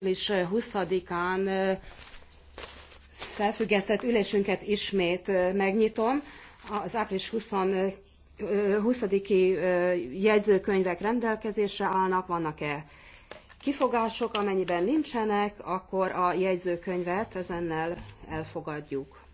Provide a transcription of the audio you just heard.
április 20-án eh, eh, felfüggesztett ülésünket ismét eh, megnyitom. Az április 20 i jegyzőkönyvek rendelkezésre állnak, vannak-e kifogások, amennyiben nincsenek, akkor a jegyzőkönyvet ezennel elfogadjuk.